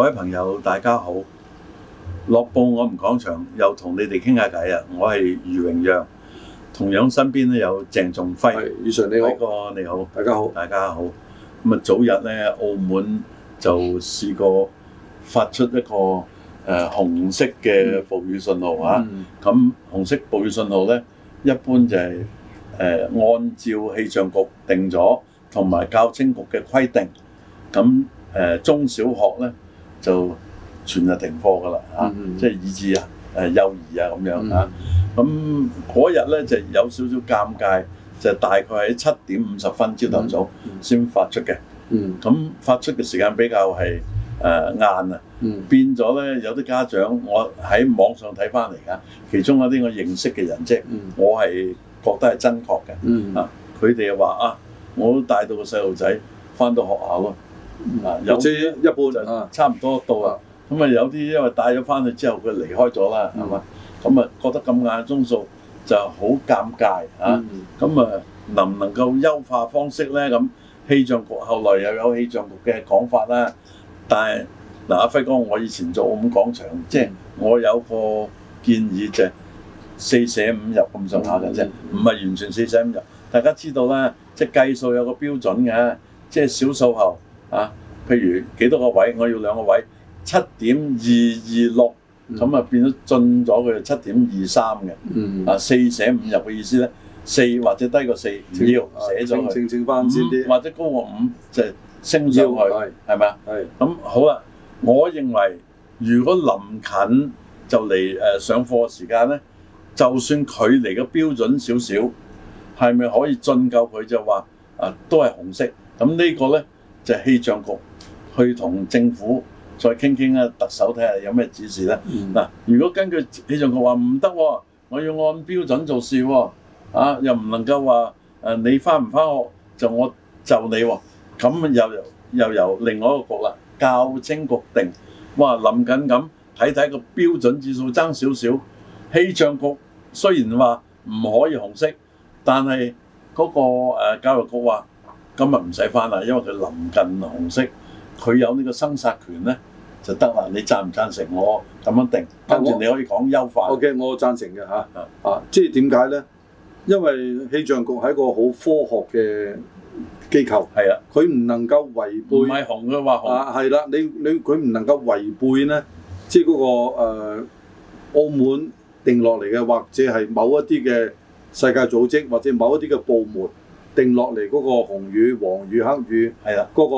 各位朋友，大家好！樂報我們講場，又同你哋傾下偈啊！我係余榮陽，同樣身邊都有鄭仲輝。係，余 Sir 你好。喂，你好。大家好，大家好。咁啊，早日咧，澳門就試過發出一個誒紅色嘅暴雨信號嚇。咁紅色暴雨信號咧，一般就係誒按照氣象局定咗，同埋教青局嘅規定。咁誒中小學咧。就全日停課噶啦嚇，嗯、即係以致啊誒、呃、幼兒啊咁樣嚇、啊，咁嗰、嗯、日咧就有少少尷尬，就大概喺七點五十分朝頭早先發出嘅，咁、嗯、發出嘅時間比較係誒晏啊，變咗咧有啲家長我喺網上睇翻嚟噶，其中一啲我認識嘅人即係、嗯、我係覺得係真確嘅，啊佢哋又話啊，我都帶到個細路仔翻到學，學校咯。嗱，有啲一半就差唔多到啦。咁啊，有啲因為帶咗翻去之後，佢離開咗啦，係嘛？咁啊，覺得咁晏鐘數就好尷尬吓。咁啊，能唔能夠優化方式咧？咁氣象局後來又有氣象局嘅講法啦。但係嗱，阿輝講我以前做澳門廣場，即係我有個建議就四捨五入咁上下嘅啫，唔係完全四捨五入。大家知道啦，即係計數有個標準嘅，即係小數後。啊，譬如幾多個位，我要兩個位，七點二二六，咁、嗯、啊變咗進咗佢七點二三嘅。啊四捨五入嘅意思咧，四或者低過四唔清要寫咗去，正正翻或者高過五就升咗去，係咪啊？係咁吧是好啦，我認為如果臨近就嚟誒、呃、上課時間咧，就算距離嘅標準少少，係咪可以進夠佢就話啊都係紅色，咁呢個咧？就係氣象局去同政府再傾傾啦，特首睇下有咩指示啦。嗱、嗯，如果根據氣象局話唔得，我要按標準做事喎、哦，啊，又唔能夠話誒、啊、你返唔返學就我就你喎、哦，咁又又由另外一個局啦，較清局定。哇，諗緊咁睇睇個標準指數爭少少，氣象局雖然話唔可以紅色，但係嗰個教育局話。今日唔使返啦，因為佢臨近紅色，佢有呢個生殺權咧就得啦。你贊唔贊成我咁樣定？跟住、啊、你可以講優化。OK，我贊成嘅嚇。啊，啊即係點解咧？因為氣象局係一個好科學嘅機構。係啊的，佢唔能夠違背。唔係紅佢話紅啊，係啦，你你佢唔能夠違背咧，即係嗰、嗰個、呃、澳門定落嚟嘅，或者係某一啲嘅世界組織，或者某一啲嘅部門。定落嚟嗰個紅雨、黃雨、黑雨，係啦，嗰個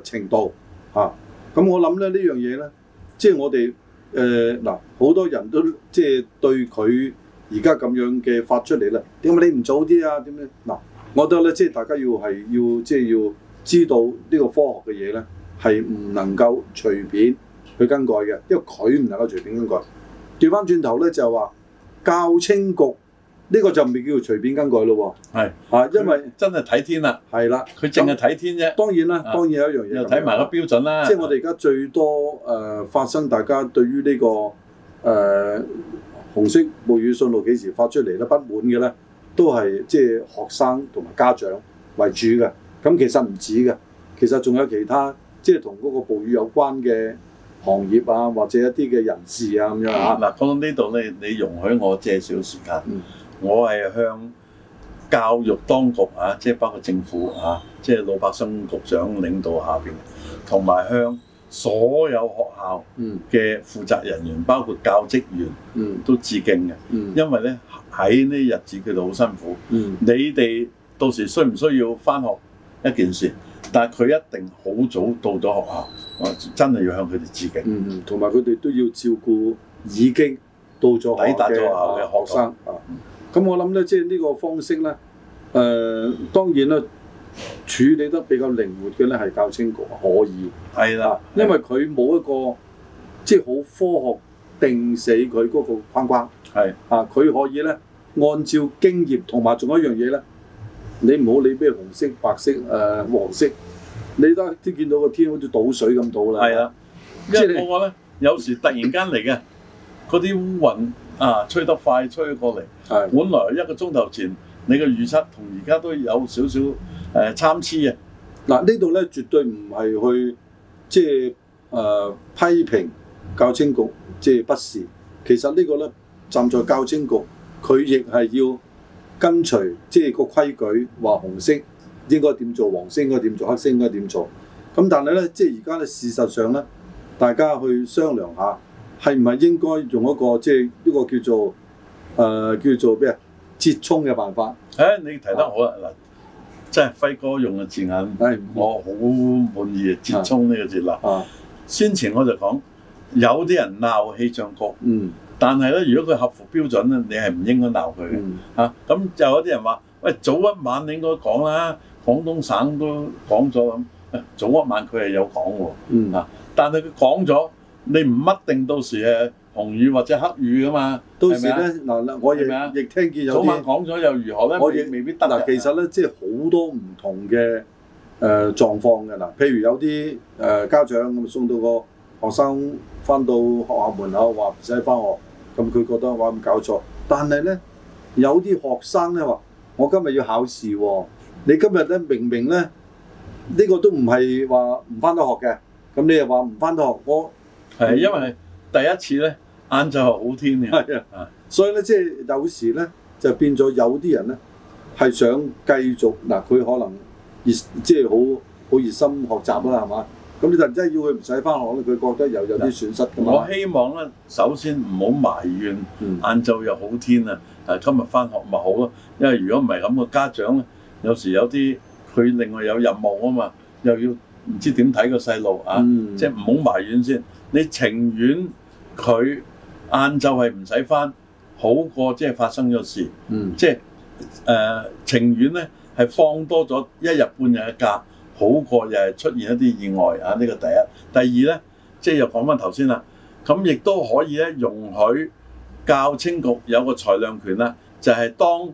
誒程度嚇。咁的、啊、我諗咧呢樣嘢咧，即係我哋誒嗱好多人都即係對佢而家咁樣嘅發出嚟啦。點解你唔早啲啊？點咧？嗱，我覺得咧，即係大家要係要即係要知道呢個科學嘅嘢咧，係唔能夠隨便去更改嘅，因為佢唔能夠隨便更改。調翻轉頭咧就係話教青局。呢個就唔係叫隨便更改咯喎，係是、啊、因為真係睇天啦，係啦的，佢淨係睇天啫。當然啦，啊、當然有一樣嘢，又睇埋個標準啦。即係我哋而家最多誒、呃、發生，大家對於呢、這個誒、呃、紅色暴雨訊號幾時發出嚟咧不滿嘅咧，都係即係學生同埋家長為主嘅。咁其實唔止嘅，其實仲有其他即係同嗰個暴雨有關嘅行業啊，或者一啲嘅人士啊咁樣啊。嗱講到呢度咧，你容許我借少少時間。嗯我係向教育當局啊，即係包括政府啊，即係老百姓局長領導下邊，同埋向所有學校嘅負責人員，嗯、包括教職員，都致敬嘅。嗯、因為呢，喺呢日子佢哋好辛苦。嗯、你哋到時需唔需要返學一件事？但係佢一定好早到咗學校，我真係要向佢哋致敬。同埋佢哋都要照顧已經到咗抵達咗學校嘅學生。咁我諗咧，即係呢個方式咧，誒、呃、當然啦，處理得比較靈活嘅咧，係教青局可以。係啦，因為佢冇一個即係好科學定死佢嗰個框框。係的啊，佢可以咧，按照經驗同埋仲有一樣嘢咧，你唔好理咩紅色、白色、誒、呃、黃色，你得即見到個天好似倒水咁倒啦。係啊，因為我講咧，有時突然間嚟嘅嗰啲烏雲。啊！吹得快，吹過嚟。係的，本來一個鐘頭前你嘅預測同而家都有少少誒參、呃、差嘅。嗱、啊、呢度咧，絕對唔係去即係誒批評教青局，即係不是。其實個呢個咧，站在教青局，佢亦係要跟隨即係個規矩，話紅色應該點做，黃色應該點做，黑色應該點做。咁但係咧，即係而家咧事實上咧，大家去商量下。係唔係應該用一個即係呢個叫做誒、呃、叫做咩啊？折衷嘅辦法？誒、哎，你提得好啊！嗱，真係輝哥用嘅字眼，哎、我好滿意衷啊！折衷呢個字啦。先前我就講，有啲人鬧氣象局，嗯，但係咧，如果佢合乎標準咧，你係唔應該鬧佢嘅。嚇、嗯，咁、啊、就有啲人話，喂，早一晚你應該講啦，廣東省都講咗咁，早一晚佢係有講喎。嗯，嗱，但係佢講咗。你唔乜定到時係紅雨或者黑雨噶嘛？到時咧，嗱嗱，是是我亦也亦聽見有晚講咗又如何咧？我亦也未必得嗱。其實咧，即係好多唔同嘅誒、呃、狀況嘅嗱、呃。譬如有啲誒、呃、家長咁送到個學生翻到學校門口話唔使翻學，咁佢覺得話咁搞錯。但係咧，有啲學生咧話：我今日要考試喎、哦，你今日咧明明咧呢、呢個都唔係話唔翻到學嘅，咁你又話唔翻到學我？係，因為第一次咧，晏晝係好天嘅，係啊、係啊、所以咧即係有時咧就變咗有啲人咧係想繼續嗱，佢、呃、可能熱即係好好熱心學習啦，係嘛？咁你突然之間要佢唔使翻學咧，佢覺得又有啲損失。我希望咧，首先唔好埋怨晏晝、嗯、又好天啊，誒，今日翻學咪好咯。因為如果唔係咁嘅家長咧，有時有啲佢另外有任務啊嘛，又要唔知點睇個細路啊，即係唔好埋怨先。你情願佢晏晝係唔使翻，好過即係發生咗事，嗯、即係誒、呃、情願咧係放多咗一日半日嘅假，好過又係出現一啲意外啊！呢、呢個第一，第二咧，即係又講翻頭先啦，咁亦都可以咧容許教青局有個裁量權啦，就係、是、當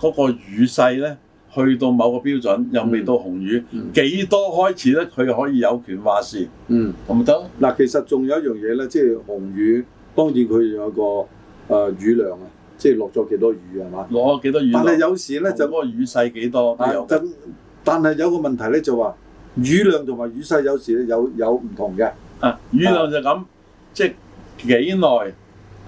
嗰個雨勢咧。去到某個標準又未到紅雨，幾、嗯、多開始咧？佢可以有權話事，嗯，咁咪得。嗱，其實仲有一樣嘢咧，即、就、係、是、紅雨，當然佢有個誒、呃、雨量啊，即係落咗幾多雨係嘛？落咗幾多雨？但係有時咧就嗰個雨勢幾多？但係有個問題咧就話雨量同埋雨勢有時有有唔同嘅。啊，雨量就咁，啊、即係幾耐？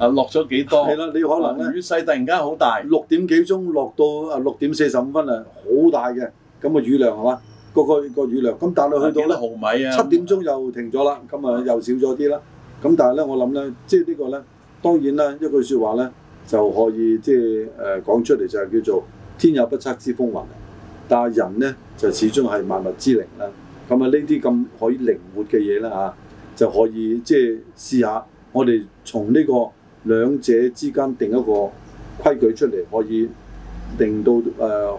啊，落咗幾多？係啦，你可能咧雨勢突然間好大，六點幾鐘落到啊，六點四十五分啊，好大嘅咁嘅雨量係嘛？個、個個雨量咁，但係去到咧毫米啊，七點鐘又停咗啦，咁啊又少咗啲啦。咁但係咧，我諗咧，即係呢個咧，當然啦，一句説話咧就可以即係誒講出嚟，就係叫做天有不測之風雲。但係人咧就始終係萬物之靈啦。咁啊呢啲咁可以靈活嘅嘢啦嚇，就可以即係試下我哋從呢個，兩者之間定一個規矩出嚟，可以令到誒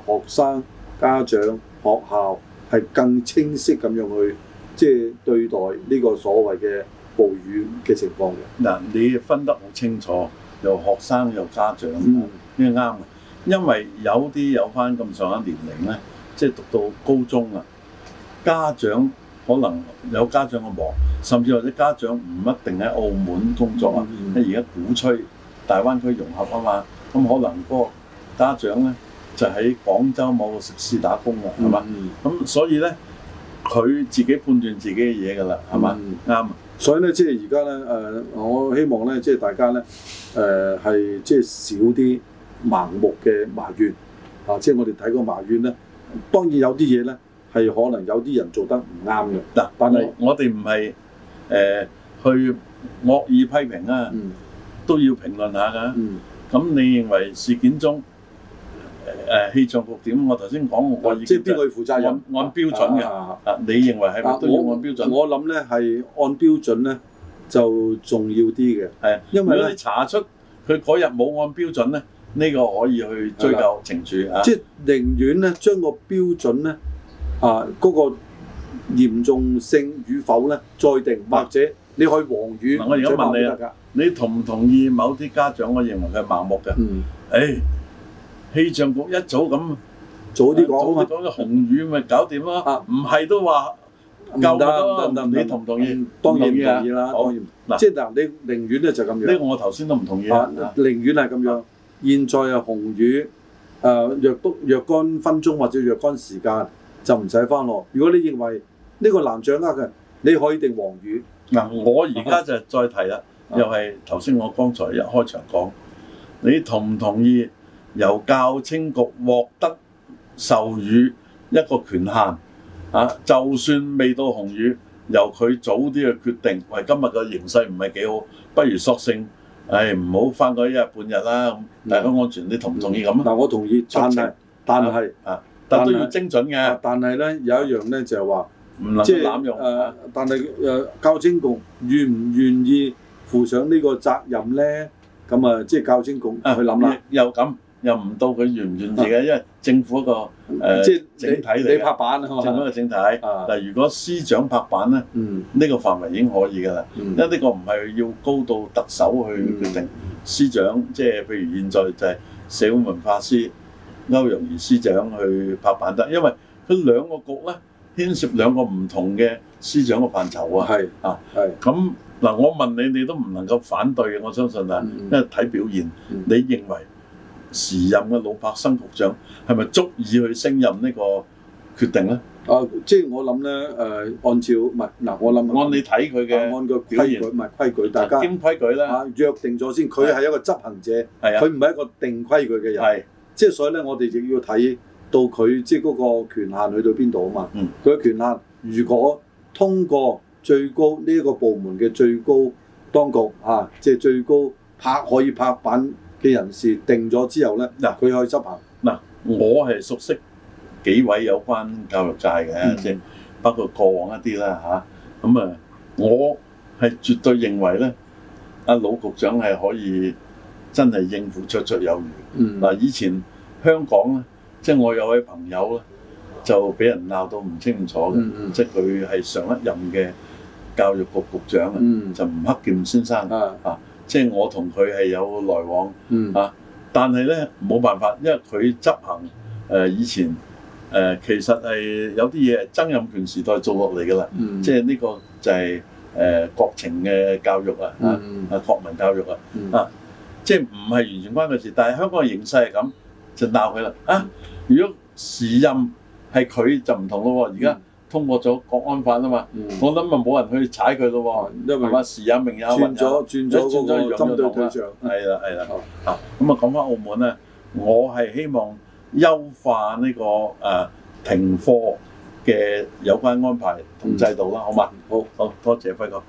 學生、家長、學校係更清晰咁樣去即係對待呢個所謂嘅暴雨嘅情況嘅。嗱，你分得好清楚，又學生有家長，呢個啱啊！因為有啲有翻咁上下年齡咧，即係讀到高中啊，家長可能有家長嘅忙。甚至或者家長唔一定喺澳門工作啊！而家、嗯、鼓吹大灣區融合啊嘛，咁、嗯、可能個家長咧就喺廣州某個食肆打工㗎，係嘛、嗯？咁所以咧，佢自己判斷自己嘅嘢㗎啦，係嘛？啱、嗯，對所以咧即係而家咧誒，我希望咧即係大家咧誒係即係少啲盲目嘅埋怨啊！即係我哋睇過埋怨咧，當然有啲嘢咧係可能有啲人做得唔啱嘅嗱，但係我哋唔係。誒、呃、去惡意批評啊，嗯、都要評論下噶。咁、嗯嗯、你認為事件中誒、呃、氣象局點？我頭先講我即係邊個要負責任？按，按標準嘅。啊，你認為係都要按標準。啊、我諗咧係按標準咧就重要啲嘅。係啊，因為如果你查出佢嗰日冇按標準咧，呢、呢個可以去追究懲處的啊。即係寧願咧將個標準咧啊嗰個。啊啊嚴重性與否咧，再定，或者你可以黃雨。嗱，我而家問你啊，你同唔同意某啲家長我認為佢係麻木嘅？嗯。誒，氣象局一早咁早啲講啊嘛。早啲講嘅紅雨咪搞掂咯。唔係都話唔得啊？嗱，你同唔同意？當然唔同意啦。當然，即係嗱，你寧願咧就咁樣。呢個我頭先都唔同意啊。寧願係咁樣，現在啊紅雨誒，若都若干分鐘或者若干時間就唔使翻落。如果你認為呢個難掌握嘅，你可以定黃雨。嗱、嗯，我而家就再提啦，啊、又係頭先我剛才一開場講，你同唔同意由教青局獲得授予一個權限？啊，就算未到紅雨，由佢早啲去決定。喂、哎，今日嘅形勢唔係幾好，不如索性，誒唔好翻過一日半日啦，咁大家安全你同唔同意咁？但我同意，但係但係啊，但都要精準嘅。但係咧有一樣咧就係、是、話。唔即係濫用誒、呃，但係誒、呃、教青局願唔願意負上呢個責任咧？咁、嗯、啊，即係教青局去諗啦。又咁又唔到佢願唔願意嘅，啊、因為政府一個誒即係整體嚟。你拍板，係咪、啊？政府、啊、一個整體。嗱、啊，但如果司長拍板咧，呢、嗯、個範圍已經可以㗎啦。嗯、因為呢個唔係要高度特首去決定，司長即係譬如現在就係社會文化司歐陽瑜司長去拍板得，因為佢兩個局咧。牽涉兩個唔同嘅司長嘅範疇啊。係啊，係咁。嗱，我問你，你都唔能夠反對嘅，我相信啊，be, 因為睇表現，嗯嗯、你認為時任嘅老伯生局長係咪足以去升任呢個決定咧、呃？啊，即係我諗咧，誒，按照唔係嗱，我諗按你睇佢嘅按個規矩，唔係規矩，大家兼規矩啦，啊，約定咗先，佢係一個執行者，佢唔係一個定規矩嘅人，係，即係所以咧，我哋就要睇。到佢即係嗰個權限去到邊度啊嘛？佢嘅、嗯、權限如果通過最高呢一個部門嘅最高當局啊，即、就、係、是、最高拍可以拍板嘅人士定咗之後咧，嗱佢、啊、可以執行。嗱、啊、我係熟悉幾位有關教育界嘅，即係、嗯、包括過往一啲啦吓，咁啊，啊，我係絕對認為咧，阿、啊、老局長係可以真係應付綽綽有餘。嗱、嗯啊、以前香港咧。即係我有位朋友咧，就俾人鬧到唔清楚嘅。即係佢係上一任嘅教育局局長、嗯、啊，就吳克儉先生啊。即係我同佢係有來往、嗯、啊。但係咧冇辦法，因為佢執行誒、呃、以前誒、呃、其實係有啲嘢係曾蔭權時代做落嚟㗎啦。即係呢個就係誒國情嘅教育啊，啊國民教育啊啊，即係唔係完全關佢事，但係香港嘅形勢係咁。就鬧佢啦！啊，如果時任係佢就唔同咯喎，而家通過咗國安法啊嘛，嗯、我諗就冇人去踩佢咯喎，因為乜時任、名有轉咗了轉咗嗰個針對個針對象，係啦係啦。啊，咁啊講翻澳門咧，我係希望優化呢、呢個誒、呃、停課嘅有關安排同制度啦，好嘛、嗯？好，好，好多謝輝哥。